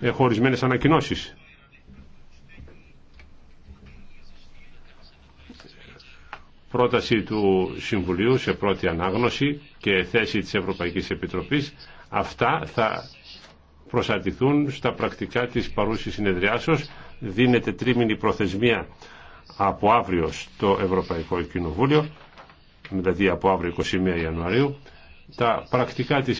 έχω ανακοινώσεις. Πρόταση του Συμβουλίου σε πρώτη ανάγνωση και θέση της Ευρωπαϊκής Επιτροπής. Αυτά θα προσαρτηθούν στα πρακτικά της παρούσης συνεδριάσεως. Δίνεται τρίμηνη προθεσμία από αύριο στο Ευρωπαϊκό Κοινοβούλιο, δηλαδή από αύριο 21 Ιανουαρίου. Τα πρακτικά της